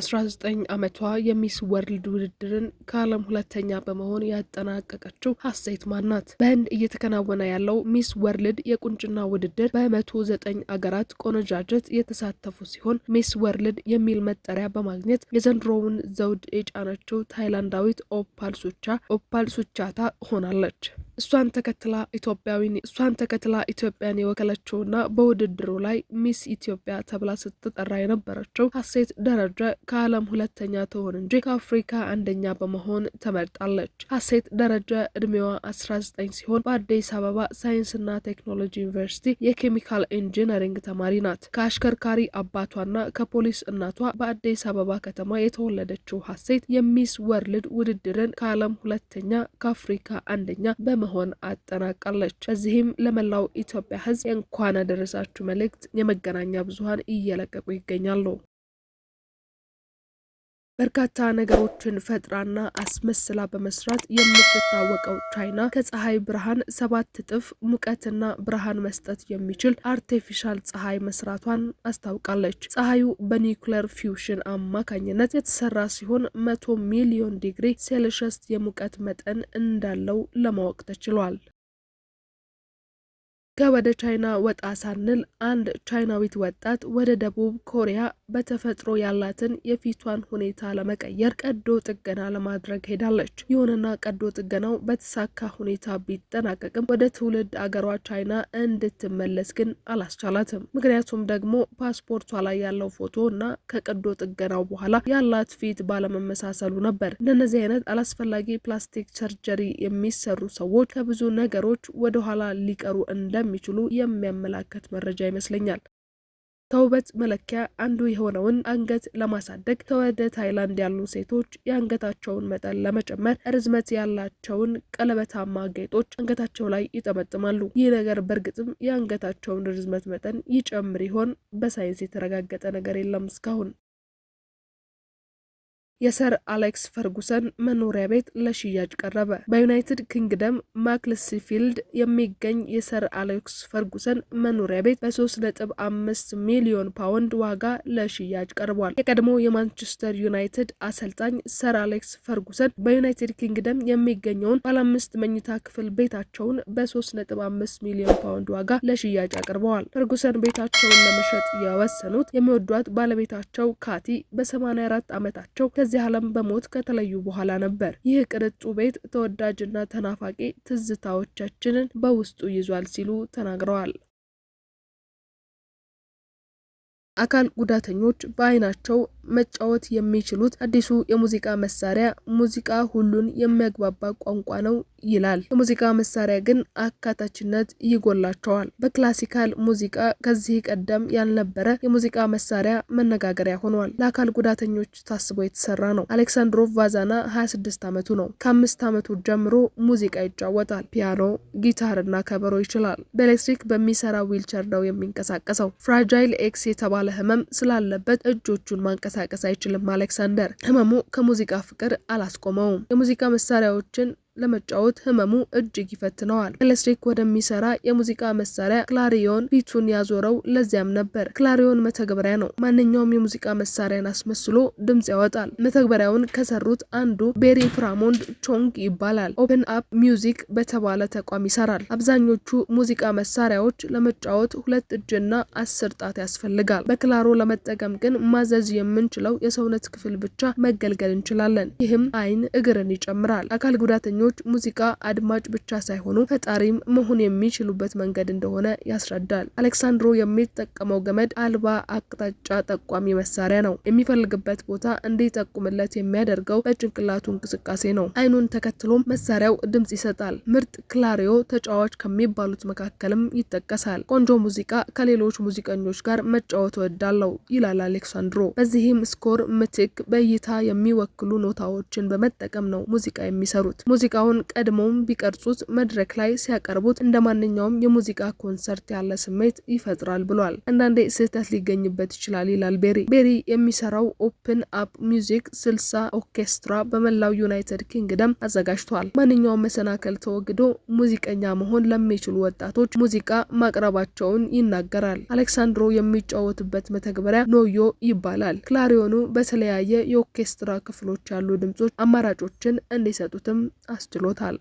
19 ዓመቷ የሚስ ወርልድ ውድድርን ከዓለም ሁለተኛ በመሆን ያጠናቀቀችው ሀሴት ማን በህንድ እየተከናወነ ያለው ሚስ ወርልድ የቁንጭና ውድድር በመቶ ዘጠኝ አገራት ቆነጃጀት የተሳተፉ ሲሆን ሚስ ወርልድ የሚል መጠሪያ በማግኘት የዘንድሮውን ዘውድ የጫነችው ታይላንዳዊት ኦፓል ሱቻ ኦፓል ሱቻታ ሆናለች። እሷን ተከትላ ኢትዮጵያዊን እሷን ተከትላ ኢትዮጵያን የወከለችውና በውድድሩ ላይ ሚስ ኢትዮጵያ ተብላ ስትጠራ የነበረችው ሀሴት ደረጀ ከዓለም ሁለተኛ ትሆን እንጂ ከአፍሪካ አንደኛ በመሆን ተመርጣለች። ሀሴት ደረጀ እድሜዋ 19 ሲሆን በአዲስ አበባ ሳይንስና ቴክኖሎጂ ዩኒቨርሲቲ የኬሚካል ኢንጂነሪንግ ተማሪ ናት። ከአሽከርካሪ አባቷና ከፖሊስ እናቷ በአዲስ አበባ ከተማ የተወለደችው ሀሴት የሚስ ወርልድ ውድድርን ከዓለም ሁለተኛ ከአፍሪካ አንደኛ በመ በመሆን አጠናቃለች። በዚህም ለመላው ኢትዮጵያ ሕዝብ የእንኳን አደረሳችሁ መልእክት የመገናኛ ብዙሀን እየለቀቁ ይገኛሉ። በርካታ ነገሮችን ፈጥራና አስመስላ በመስራት የምትታወቀው ቻይና ከፀሐይ ብርሃን ሰባት እጥፍ ሙቀትና ብርሃን መስጠት የሚችል አርቴፊሻል ፀሐይ መስራቷን አስታውቃለች። ፀሐዩ በኒውክለር ፊውሽን አማካኝነት የተሰራ ሲሆን መቶ ሚሊዮን ዲግሪ ሴልሸስ የሙቀት መጠን እንዳለው ለማወቅ ተችሏል። ከወደ ቻይና ወጣ ሳንል አንድ ቻይናዊት ወጣት ወደ ደቡብ ኮሪያ በተፈጥሮ ያላትን የፊቷን ሁኔታ ለመቀየር ቀዶ ጥገና ለማድረግ ሄዳለች። ይሁንና ቀዶ ጥገናው በተሳካ ሁኔታ ቢጠናቀቅም ወደ ትውልድ አገሯ ቻይና እንድትመለስ ግን አላስቻላትም። ምክንያቱም ደግሞ ፓስፖርቷ ላይ ያለው ፎቶ እና ከቀዶ ጥገናው በኋላ ያላት ፊት ባለመመሳሰሉ ነበር። እንደነዚህ አይነት አላስፈላጊ ፕላስቲክ ሰርጀሪ የሚሰሩ ሰዎች ከብዙ ነገሮች ወደኋላ ሊቀሩ እንደ እንደሚችሉ የሚያመላከት መረጃ ይመስለኛል። ከውበት መለኪያ አንዱ የሆነውን አንገት ለማሳደግ ከወደ ታይላንድ ያሉ ሴቶች የአንገታቸውን መጠን ለመጨመር ርዝመት ያላቸውን ቀለበታማ ጌጦች አንገታቸው ላይ ይጠመጥማሉ። ይህ ነገር በእርግጥም የአንገታቸውን ርዝመት መጠን ይጨምር ይሆን? በሳይንስ የተረጋገጠ ነገር የለም እስካሁን። የሰር አሌክስ ፈርጉሰን መኖሪያ ቤት ለሽያጭ ቀረበ። በዩናይትድ ኪንግደም ማክልስፊልድ የሚገኝ የሰር አሌክስ ፈርጉሰን መኖሪያ ቤት በ3.5 ሚሊዮን ፓውንድ ዋጋ ለሽያጭ ቀርቧል። የቀድሞ የማንቸስተር ዩናይትድ አሰልጣኝ ሰር አሌክስ ፈርጉሰን በዩናይትድ ኪንግደም የሚገኘውን ባለአምስት መኝታ ክፍል ቤታቸውን በ3.5 ሚሊዮን ፓውንድ ዋጋ ለሽያጭ አቅርበዋል። ፈርጉሰን ቤታቸውን ለመሸጥ የወሰኑት የሚወዷት ባለቤታቸው ካቲ በ84 ዓመታቸው ከዚህ ዓለም በሞት ከተለዩ በኋላ ነበር። ይህ ቅንጡ ቤት ተወዳጅና ተናፋቂ ትዝታዎቻችንን በውስጡ ይዟል ሲሉ ተናግረዋል። አካል ጉዳተኞች በአይናቸው መጫወት የሚችሉት አዲሱ የሙዚቃ መሳሪያ ሙዚቃ ሁሉን የሚያግባባ ቋንቋ ነው ይላል። የሙዚቃ መሳሪያ ግን አካታችነት ይጎላቸዋል። በክላሲካል ሙዚቃ ከዚህ ቀደም ያልነበረ የሙዚቃ መሳሪያ መነጋገሪያ ሆኗል። ለአካል ጉዳተኞች ታስቦ የተሰራ ነው። አሌክሳንድሮቭ ቫዛና 26 ዓመቱ ነው። ከአምስት ዓመቱ ጀምሮ ሙዚቃ ይጫወታል። ፒያኖ፣ ጊታርና ከበሮ ይችላል። በኤሌክትሪክ በሚሰራ ዊልቸር ነው የሚንቀሳቀሰው። ፍራጃይል ኤክስ የተባለ ህመም ስላለበት እጆቹን ማንቀሳቀስ መንቀሳቀስ አይችልም። አሌክሳንደር ህመሙ ከሙዚቃ ፍቅር አላስቆመውም። የሙዚቃ መሳሪያዎችን ለመጫወት ህመሙ እጅግ ይፈትነዋል። ኤሌክትሪክ ወደሚሰራ የሙዚቃ መሳሪያ ክላሪዮን ፊቱን ያዞረው ለዚያም ነበር። ክላሪዮን መተግበሪያ ነው። ማንኛውም የሙዚቃ መሳሪያን አስመስሎ ድምጽ ያወጣል። መተግበሪያውን ከሰሩት አንዱ ቤሪ ፍራሞንድ ቾንግ ይባላል። ኦፕን አፕ ሚውዚክ በተባለ ተቋም ይሰራል። አብዛኞቹ ሙዚቃ መሳሪያዎች ለመጫወት ሁለት እጅና አስር ጣት ያስፈልጋል። በክላሮ ለመጠቀም ግን ማዘዝ የምንችለው የሰውነት ክፍል ብቻ መገልገል እንችላለን። ይህም ዓይን፣ እግርን ይጨምራል። አካል ጉዳተኞች ዘፋኞች ሙዚቃ አድማጭ ብቻ ሳይሆኑ ፈጣሪም መሆን የሚችሉበት መንገድ እንደሆነ ያስረዳል። አሌክሳንድሮ የሚጠቀመው ገመድ አልባ አቅጣጫ ጠቋሚ መሳሪያ ነው። የሚፈልግበት ቦታ እንዲጠቁምለት የሚያደርገው በጭንቅላቱ እንቅስቃሴ ነው። አይኑን ተከትሎም መሳሪያው ድምጽ ይሰጣል። ምርጥ ክላሪዮ ተጫዋች ከሚባሉት መካከልም ይጠቀሳል። ቆንጆ ሙዚቃ ከሌሎች ሙዚቀኞች ጋር መጫወት እወዳለሁ ይላል አሌክሳንድሮ። በዚህም ስኮር ምትክ በእይታ የሚወክሉ ኖታዎችን በመጠቀም ነው ሙዚቃ የሚሰሩት። ሙዚቃ ሙዚቃውን ቀድሞውም ቢቀርጹት መድረክ ላይ ሲያቀርቡት እንደ ማንኛውም የሙዚቃ ኮንሰርት ያለ ስሜት ይፈጥራል ብሏል። አንዳንዴ ስህተት ሊገኝበት ይችላል ይላል ቤሪ። ቤሪ የሚሰራው ኦፕን አፕ ሚውዚክ ስልሳ ኦርኬስትራ በመላው ዩናይትድ ኪንግደም አዘጋጅቷል። ማንኛውም መሰናከል ተወግዶ ሙዚቀኛ መሆን ለሚችሉ ወጣቶች ሙዚቃ ማቅረባቸውን ይናገራል። አሌክሳንድሮ የሚጫወትበት መተግበሪያ ኖዮ ይባላል። ክላሪዮኑ በተለያየ የኦርኬስትራ ክፍሎች ያሉ ድምጾች አማራጮችን እንዲሰጡትም አስ አስችሎታል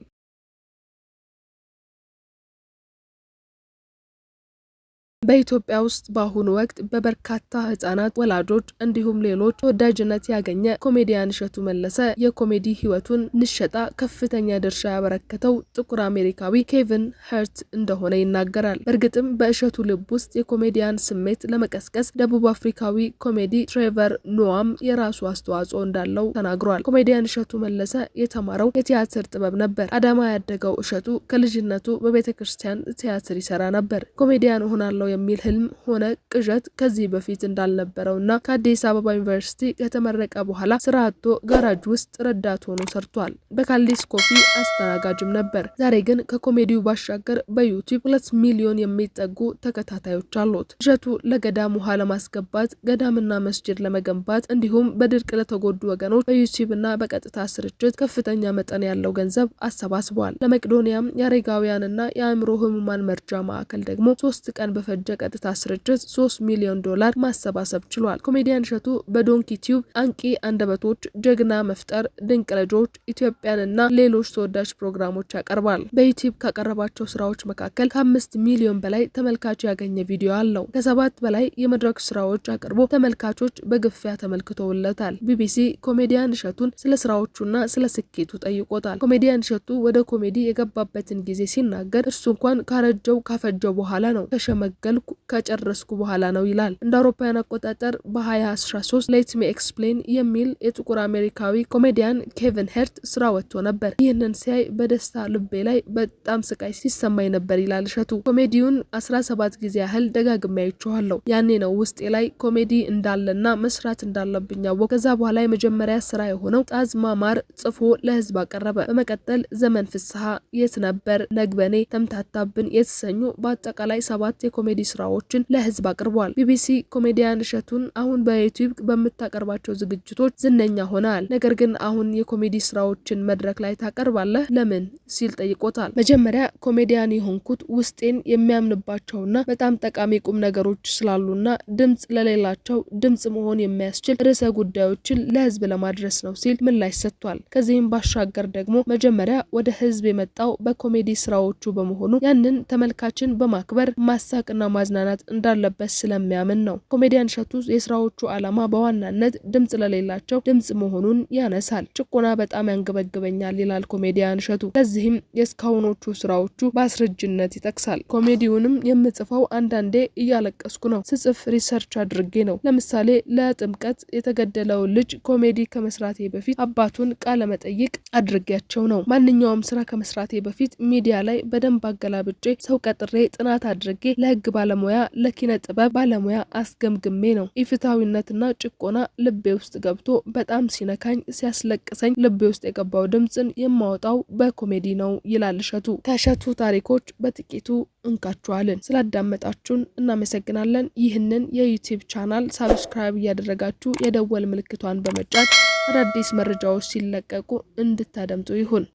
በኢትዮጵያ ውስጥ በአሁኑ ወቅት በበርካታ ህጻናት ወላጆች እንዲሁም ሌሎች ተወዳጅነት ያገኘ ኮሜዲያን እሸቱ መለሰ የኮሜዲ ህይወቱን ንሸጣ ከፍተኛ ድርሻ ያበረከተው ጥቁር አሜሪካዊ ኬቪን ሀርት እንደሆነ ይናገራል። በእርግጥም በእሸቱ ልብ ውስጥ የኮሜዲያን ስሜት ለመቀስቀስ ደቡብ አፍሪካዊ ኮሜዲ ትሬቨር ኖዋም የራሱ አስተዋጽኦ እንዳለው ተናግሯል። ኮሜዲያን እሸቱ መለሰ የተማረው የቲያትር ጥበብ ነበር። አዳማ ያደገው እሸቱ ከልጅነቱ በቤተ ክርስቲያን ቲያትር ይሰራ ነበር። ኮሜዲያን እሆናለሁ የሚል ህልም ሆነ ቅዠት ከዚህ በፊት እንዳልነበረው ና ከአዲስ አበባ ዩኒቨርሲቲ ከተመረቀ በኋላ ስራ አጥቶ ጋራጅ ውስጥ ረዳት ሆኖ ሰርቷል። በካልዲስ ኮፊ አስተናጋጅም ነበር። ዛሬ ግን ከኮሜዲው ባሻገር በዩቲዩብ ሁለት ሚሊዮን የሚጠጉ ተከታታዮች አሉት። ቅዠቱ ለገዳም ውሃ ለማስገባት ገዳምና መስጅድ ለመገንባት እንዲሁም በድርቅ ለተጎዱ ወገኖች ና በቀጥታ ስርጭት ከፍተኛ መጠን ያለው ገንዘብ አሰባስቧል። ለመቄዶንያም የአረጋውያንና የአእምሮ ህሙማን መርጃ ማዕከል ደግሞ ሶስት ቀን በፈጅ ቀጥታ ስርጭት 3 ሚሊዮን ዶላር ማሰባሰብ ችሏል። ኮሜዲያን እሸቱ በዶንኪ ቲዩብ አንቂ አንደበቶች፣ ጀግና መፍጠር፣ ድንቅ ልጆች፣ ኢትዮጵያንና ሌሎች ተወዳጅ ፕሮግራሞች ያቀርባል። በዩቲዩብ ካቀረባቸው ስራዎች መካከል ከአምስት ሚሊዮን በላይ ተመልካች ያገኘ ቪዲዮ አለው። ከሰባት በላይ የመድረክ ስራዎች አቅርቦ ተመልካቾች በግፊያ ተመልክተውለታል። ቢቢሲ ኮሜዲያን እሸቱን ስለ ስራዎቹና ስለ ስኬቱ ጠይቆታል። ኮሜዲያን እሸቱ ወደ ኮሜዲ የገባበትን ጊዜ ሲናገር እርሱ እንኳን ካረጀው ካፈጀው በኋላ ነው ከሸመገል ቀን ከጨረስኩ በኋላ ነው ይላል። እንደ አውሮፓውያን አቆጣጠር በ2013 ሌት ሚ ኤክስፕሌን የሚል የጥቁር አሜሪካዊ ኮሜዲያን ኬቨን ሄርት ስራ ወጥቶ ነበር። ይህንን ሲያይ በደስታ ልቤ ላይ በጣም ስቃይ ሲሰማኝ ነበር ይላል እሸቱ። ኮሜዲውን 17 ጊዜ ያህል ደጋግሜ አይቼዋለሁ። ያኔ ነው ውስጤ ላይ ኮሜዲ እንዳለና መስራት እንዳለብኝ ያወቅ። ከዛ በኋላ የመጀመሪያ ስራ የሆነው ጣዝ ማማር ጽፎ ለህዝብ አቀረበ። በመቀጠል ዘመን ፍስሐ፣ የት ነበር፣ ነግበኔ፣ ተምታታብን የተሰኙ በአጠቃላይ ሰባት የኮሜዲ ስራዎችን ለህዝብ አቅርቧል። ቢቢሲ ኮሜዲያን እሸቱን አሁን በዩቲዩብ በምታቀርባቸው ዝግጅቶች ዝነኛ ሆናል፣ ነገር ግን አሁን የኮሜዲ ስራዎችን መድረክ ላይ ታቀርባለህ ለምን ሲል ጠይቆታል። መጀመሪያ ኮሜዲያን የሆንኩት ውስጤን የሚያምንባቸውና በጣም ጠቃሚ ቁም ነገሮች ስላሉና ድምፅ ለሌላቸው ድምፅ መሆን የሚያስችል ርዕሰ ጉዳዮችን ለህዝብ ለማድረስ ነው ሲል ምላሽ ሰጥቷል። ከዚህም ባሻገር ደግሞ መጀመሪያ ወደ ህዝብ የመጣው በኮሜዲ ስራዎቹ በመሆኑ ያንን ተመልካችን በማክበር ማሳቅና ማዝናናት እንዳለበት ስለሚያምን ነው። ኮሜዲያን እሸቱ የስራዎቹ ዓላማ በዋናነት ድምጽ ለሌላቸው ድምጽ መሆኑን ያነሳል። ጭቆና በጣም ያንገበግበኛል ይላል ኮሜዲያን እሸቱ። ለዚህም የእስካሁኖቹ ስራዎቹ በአስረጅነት ይጠቅሳል። ኮሜዲውንም የምጽፈው አንዳንዴ እያለቀስኩ ነው። ስጽፍ ሪሰርች አድርጌ ነው። ለምሳሌ ለጥምቀት የተገደለውን ልጅ ኮሜዲ ከመስራቴ በፊት አባቱን ቃለ መጠይቅ አድርጌያቸው ነው። ማንኛውም ስራ ከመስራቴ በፊት ሚዲያ ላይ በደንብ አገላብጬ ሰው ቀጥሬ ጥናት አድርጌ ለህግ ባለሙያ ለኪነ ጥበብ ባለሙያ አስገምግሜ ነው። ኢፍትሐዊነትና ጭቆና ልቤ ውስጥ ገብቶ በጣም ሲነካኝ ሲያስለቅሰኝ ልቤ ውስጥ የገባው ድምፅን የማወጣው በኮሜዲ ነው ይላል እሸቱ። ከእሸቱ ታሪኮች በጥቂቱ እንካችኋለን። ስላዳመጣችሁን እናመሰግናለን። ይህንን የዩቲዩብ ቻናል ሳብስክራይብ እያደረጋችሁ የደወል ምልክቷን በመጫን አዳዲስ መረጃዎች ሲለቀቁ እንድታደምጡ ይሁን።